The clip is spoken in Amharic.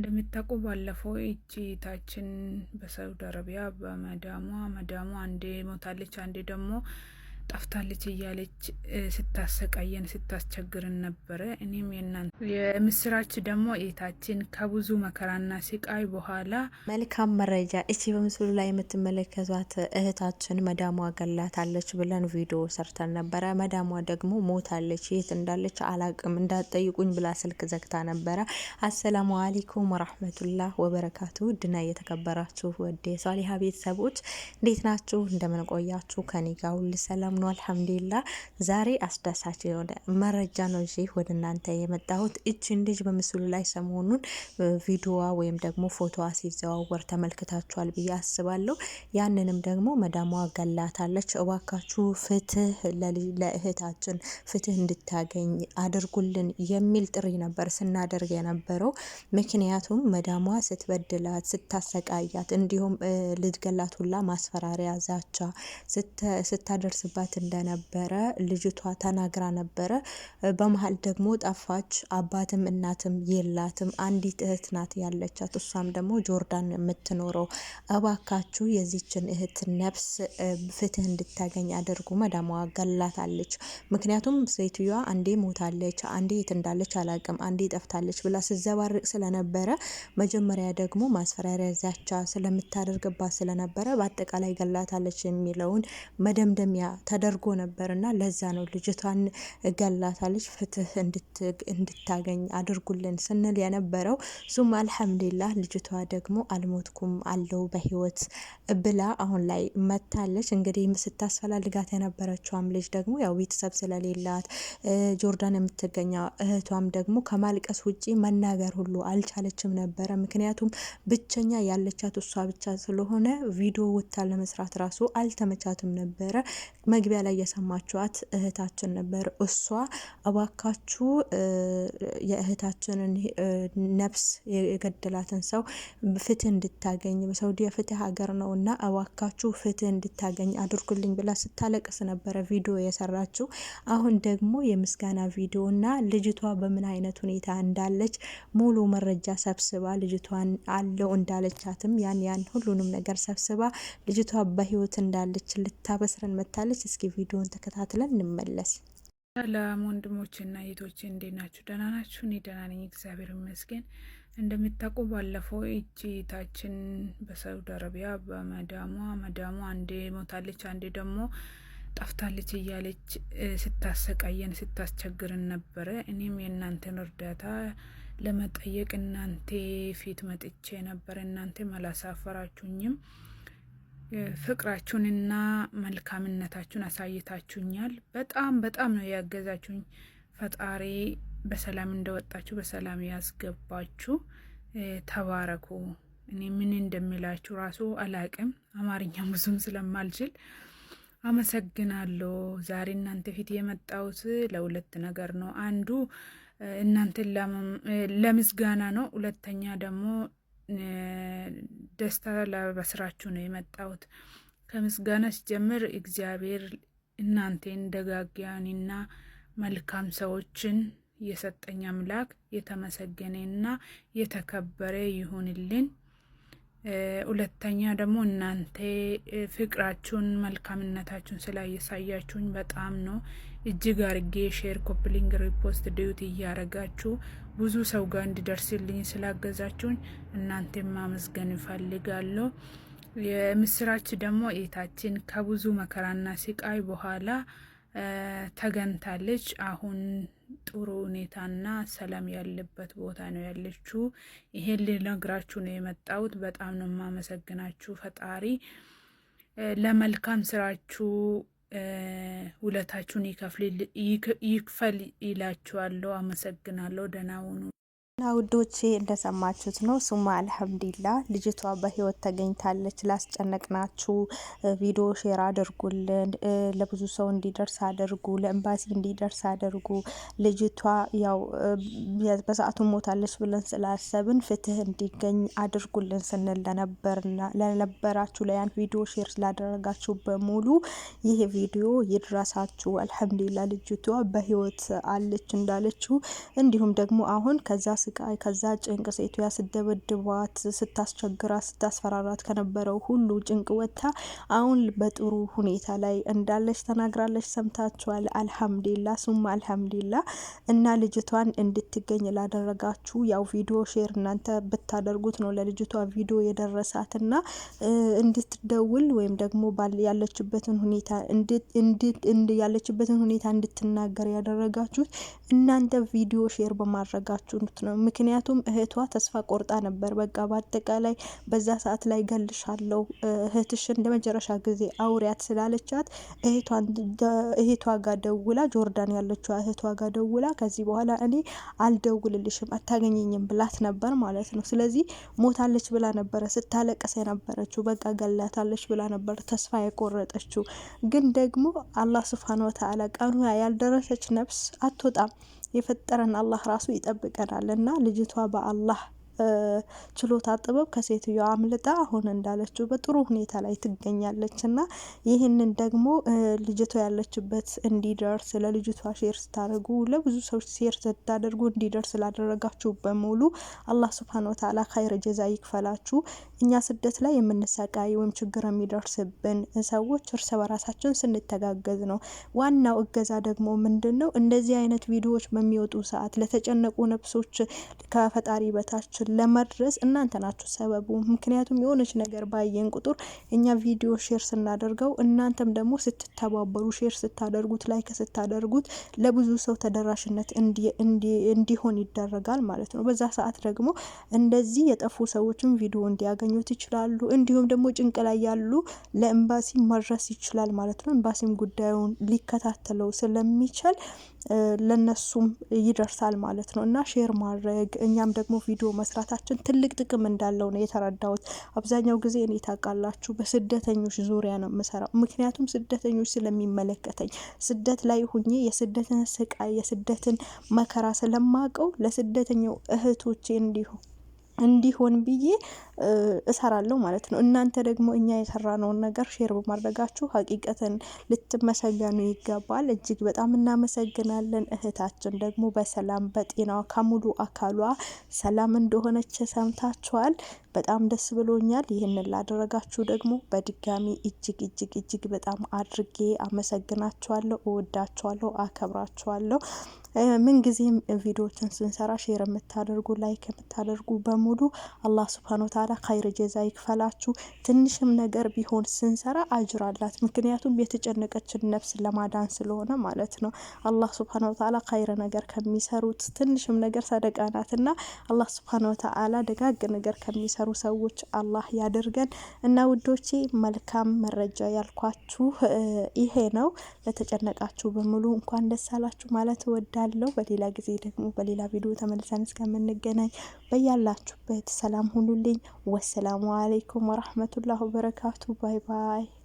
እንደሚታቁ ባለፈው ታችን በሳውዲ አረቢያ በመዳሟ መዳሟ አንዴ ሞታለች፣ አንዴ ደግሞ ጠፍታለች እያለች ስታሰቃየን ስታስቸግርን ነበረ። እኔም የናን የምስራች ደግሞ ኤታችን ከብዙ መከራና ስቃይ በኋላ መልካም መረጃ እቺ በምስሉ ላይ የምትመለከቷት እህታችን መዳሟ ገላታለች ብለን ቪዲዮ ሰርተን ነበረ። መዳሟ ደግሞ ሞታለች። የት እንዳለች አላቅም እንዳትጠይቁኝ ብላ ስልክ ዘግታ ነበረ። አሰላሙ አሊኩም ወራህመቱላህ ወበረካቱ። ድና የተከበራችሁ ወደ ሷሊሀ ቤተሰቦች እንዴት ናችሁ? እንደምንቆያችሁ ቆያችሁ? ከኔ ጋር ሁል ሰላም ነው። አልሐምዱሊላ ዛሬ አስደሳች የሆነ መረጃ ነው ይዤ ወደ እናንተ የመጣሁት። እች እንዲጅ በምስሉ ላይ ሰሞኑን ቪዲዮዋ ወይም ደግሞ ፎቶዋ ሲዘዋወር ተመልክታችኋል ብዬ አስባለሁ። ያንንም ደግሞ መዳሟ ገላታለች። እባካችሁ ፍትህ ለእህታችን ፍትህ እንድታገኝ አድርጉልን የሚል ጥሪ ነበር ስናደርግ የነበረው። ምክንያቱም መዳሟ ስትበድላት፣ ስታሰቃያት እንዲሁም ልትገላት ሁላ ማስፈራሪያ ዛቻ ስታደርስባት አብሯት እንደነበረ ልጅቷ ተናግራ ነበረ። በመሀል ደግሞ ጠፋች። አባትም እናትም የላትም። አንዲት እህት ናት ያለቻት፣ እሷም ደግሞ ጆርዳን የምትኖረው። እባካችሁ የዚችን እህት ነፍስ ፍትህ እንድታገኝ አድርጉ። መዳሟ ገላታለች። ምክንያቱም ሴትዮዋ አንዴ ሞታለች፣ አንዴ የት እንዳለች አላቅም፣ አንዴ ጠፍታለች ብላ ስዘባርቅ ስለነበረ መጀመሪያ ደግሞ ማስፈራሪያ ዛቻ ስለምታደርግባት ስለነበረ በአጠቃላይ ገላታለች የሚለውን መደምደሚያ ተደርጎ ነበር እና ለዛ ነው ልጅቷን ገላታለች ፍትህ እንድታገኝ አድርጉልን ስንል የነበረው። ሱም አልሐምዱሊላህ ልጅቷ ደግሞ አልሞትኩም አለው በህይወት ብላ አሁን ላይ መታለች። እንግዲህ ስታስፈላልጋት የነበረችዋም ልጅ ደግሞ ያው ቤተሰብ ስለሌላት ጆርዳን የምትገኘው እህቷም ደግሞ ከማልቀስ ውጪ መናገር ሁሉ አልቻለችም ነበረ። ምክንያቱም ብቸኛ ያለቻት እሷ ብቻ ስለሆነ ቪዲዮ ወታ ለመስራት ራሱ አልተመቻትም ነበረ። መግቢያ ላይ የሰማችኋት እህታችን ነበር። እሷ እባካችሁ የእህታችንን ነፍስ የገደላትን ሰው ፍትህ እንድታገኝ በሳውዲ የፍትህ ሀገር ነው እና እባካችሁ ፍትህ እንድታገኝ አድርጉልኝ ብላ ስታለቅስ ነበረ ቪዲዮ የሰራችው። አሁን ደግሞ የምስጋና ቪዲዮ እና ልጅቷ በምን አይነት ሁኔታ እንዳለች ሙሉ መረጃ ሰብስባ ልጅቷን አለው እንዳለቻትም ያን ያን ሁሉንም ነገር ሰብስባ ልጅቷ በህይወት እንዳለች ልታበስረን መታለች። እስኪ ቪዲዮን ተከታትለን እንመለስ። ሰላም ወንድሞች እና እህቶቼ እንዴት ናችሁ? ደህና ናችሁ? እኔ ደህና ነኝ፣ እግዚአብሔር ይመስገን። እንደምታውቁ ባለፈው እቺ ታችን በሳውዲ አረቢያ በመዳሟ መዳሟ አንዴ ሞታለች፣ አንዴ ደግሞ ጠፍታለች እያለች ስታሰቃየን ስታስቸግርን ነበረ። እኔም የእናንተን እርዳታ ለመጠየቅ እናንተ ፊት መጥቼ ነበር። እናንተ አላሳፈራችሁኝም። ፍቅራችሁንና መልካምነታችሁን አሳይታችሁኛል። በጣም በጣም ነው ያገዛችሁኝ። ፈጣሪ በሰላም እንደወጣችሁ በሰላም ያስገባችሁ። ተባረኩ። እኔ ምን እንደሚላችሁ ራሱ አላቅም፣ አማርኛ ብዙም ስለማልችል አመሰግናለሁ። ዛሬ እናንተ ፊት የመጣሁት ለሁለት ነገር ነው። አንዱ እናንተን ለምስጋና ነው። ሁለተኛ ደግሞ ደስታ ለበስራችሁ ነው የመጣሁት። ከምስጋና ሲጀምር እግዚአብሔር እናንተን ደጋጊያንና መልካም ሰዎችን የሰጠኝ አምላክ የተመሰገነና የተከበረ ይሁንልን። ሁለተኛ ደግሞ እናንተ ፍቅራችሁን መልካምነታችሁን ስላየሳያችሁኝ በጣም ነው እጅግ አርጌ ሼር፣ ኮፕሊንግ፣ ሪፖስት ድዩት እያረጋችሁ ብዙ ሰው ጋር እንዲደርስልኝ ስላገዛችሁኝ እናንተ ማመስገን ይፈልጋለሁ የምስራች ደግሞ እህታችን ከብዙ መከራና ስቃይ በኋላ ተገንታለች። አሁን ጥሩ ሁኔታና ሰላም ያለበት ቦታ ነው ያለችው። ይሄን ልነግራችሁ ነው የመጣሁት። በጣም ነው የማመሰግናችሁ። ፈጣሪ ለመልካም ስራችሁ ውለታችሁን ይክፈል ይላችኋለሁ። አመሰግናለሁ። ደህና ሁኑ። እና ውዶቼ እንደሰማችሁት ነው። ሱማ አልሐምዲላ ልጅቷ በህይወት ተገኝታለች። ላስጨነቅናችሁ ቪዲዮ ሼር አድርጉልን፣ ለብዙ ሰው እንዲደርስ አድርጉ፣ ለኤምባሲ እንዲደርስ አድርጉ። ልጅቷ ያው በሰዓቱ ሞታለች ብለን ስላሰብን ፍትህ እንዲገኝ አድርጉልን ስንል ለነበራችሁ፣ ለያን ቪዲዮ ሼር ስላደረጋችሁ በሙሉ ይህ ቪዲዮ ይድረሳችሁ። አልሐምዲላ ልጅቷ በህይወት አለች እንዳለችው እንዲሁም ደግሞ አሁን ከዛ ስቃይ ከዛ ጭንቅ ሴቱ ስደበድባት ስደበድቧት፣ ስታስቸግራት፣ ስታስፈራራት ከነበረው ሁሉ ጭንቅ ወጥታ አሁን በጥሩ ሁኔታ ላይ እንዳለች ተናግራለች። ሰምታችኋል። አልሐምዲላ ሱም አልሐምዲላ እና ልጅቷን እንድትገኝ ላደረጋችሁ ያው ቪዲዮ ሼር እናንተ ብታደርጉት ነው ለልጅቷ ቪዲዮ የደረሳት እና እንድትደውል ወይም ደግሞ ያለችበትን ሁኔታ ያለችበትን ሁኔታ እንድትናገር ያደረጋችሁት እናንተ ቪዲዮ ሼር በማድረጋችሁት ነው። ምክንያቱም እህቷ ተስፋ ቆርጣ ነበር። በቃ በአጠቃላይ በዛ ሰዓት ላይ ገልሻለሁ፣ እህትሽን ለመጨረሻ ጊዜ አውሪያት ስላለቻት እህቷ ጋር ደውላ፣ ጆርዳን ያለችው እህቷ ጋር ደውላ ከዚህ በኋላ እኔ አልደውልልሽም አታገኘኝም ብላት ነበር ማለት ነው። ስለዚህ ሞታለች ብላ ነበረ ስታለቀሰ የነበረችው፣ በቃ ገላታለች ብላ ነበር ተስፋ የቆረጠችው። ግን ደግሞ አላህ ስብሃነ ወተዓላ ቀኑ ያልደረሰች ነፍስ አትወጣም። የፈጠረን አላህ ራሱ ይጠብቀናል እና ልጅቷ በአላህ ችሎታ ጥበብ ከሴትዮዋ አምልጣ አሁን እንዳለችው በጥሩ ሁኔታ ላይ ትገኛለች እና ይህንን ደግሞ ልጅቷ ያለችበት እንዲደርስ ለልጅቷ ሼር ስታደርጉ ለብዙ ሰዎች ሼር ስታደርጉ እንዲደርስ ላደረጋችሁ በሙሉ አላህ ስብሃነ ወተዓላ ኸይር ጀዛ ይክፈላችሁ። እኛ ስደት ላይ የምንሰቃይ ወይም ችግር የሚደርስብን ሰዎች እርስ በራሳችን ስንተጋገዝ ነው። ዋናው እገዛ ደግሞ ምንድን ነው? እንደዚህ አይነት ቪዲዮዎች በሚወጡ ሰዓት ለተጨነቁ ነፍሶች ከፈጣሪ በታችን ለመድረስ እናንተ ናችሁ ሰበቡ። ምክንያቱም የሆነች ነገር ባየን ቁጥር እኛ ቪዲዮ ሼር ስናደርገው እናንተም ደግሞ ስትተባበሩ፣ ሼር ስታደርጉት፣ ላይክ ስታደርጉት ለብዙ ሰው ተደራሽነት እንዲሆን ይደረጋል ማለት ነው። በዛ ሰዓት ደግሞ እንደዚህ የጠፉ ሰዎችም ቪዲዮ እንዲያገኙት ይችላሉ። እንዲሁም ደግሞ ጭንቅ ላይ ያሉ ለኤምባሲ መድረስ ይችላል ማለት ነው። ኤምባሲም ጉዳዩን ሊከታተለው ስለሚችል ለነሱም ይደርሳል ማለት ነው እና ሼር ማድረግ እኛም ደግሞ ቪዲዮ መስራታችን ትልቅ ጥቅም እንዳለው ነው የተረዳሁት። አብዛኛው ጊዜ እኔ ታውቃላችሁ በስደተኞች ዙሪያ ነው የምሰራው። ምክንያቱም ስደተኞች ስለሚመለከተኝ ስደት ላይ ሁኜ የስደትን ስቃይ የስደትን መከራ ስለማቀው ለስደተኛው እህቶቼ እንዲሁ እንዲሆን ብዬ እሰራለሁ ማለት ነው። እናንተ ደግሞ እኛ የሰራነውን ነገር ሼር በማድረጋችሁ ሀቂቀትን ልትመሰገኑ ይገባል። እጅግ በጣም እናመሰግናለን። እህታችን ደግሞ በሰላም በጤናዋ ከሙሉ አካሏ ሰላም እንደሆነች ሰምታችኋል። በጣም ደስ ብሎኛል። ይህንን ላደረጋችሁ ደግሞ በድጋሚ እጅግ እጅግ እጅግ በጣም አድርጌ አመሰግናችኋለሁ። እወዳችኋለሁ፣ አከብራችኋለሁ። ምንጊዜም ቪዲዮችን ስንሰራ ሼር የምታደርጉ ላይክ የምታደርጉ በሙሉ አላህ ስብሃነ ወተዓላ ታላ ካይር ጀዛ ይክፈላችሁ። ትንሽም ነገር ቢሆን ስንሰራ አጅር አላት። ምክንያቱም የተጨነቀችን ነፍስ ለማዳን ስለሆነ ማለት ነው። አላህ ስብሓን ወተዓላ ካይር ነገር ከሚሰሩት ትንሽም ነገር ሰደቃ ናትና አላህ ስብሓን ወተዓላ ደጋግ ነገር ከሚሰሩ ሰዎች አላህ ያደርገን እና ውዶቼ መልካም መረጃ ያልኳችሁ ይሄ ነው። ለተጨነቃችሁ በሙሉ እንኳን ደስ አላችሁ ማለት እወዳለሁ። በሌላ ጊዜ ደግሞ በሌላ ቪዲዮ ተመልሰን እስከምንገናኝ በያላችሁበት ሰላም ሁኑልኝ። والسلام عليكم ورحمة الله وبركاته باي باي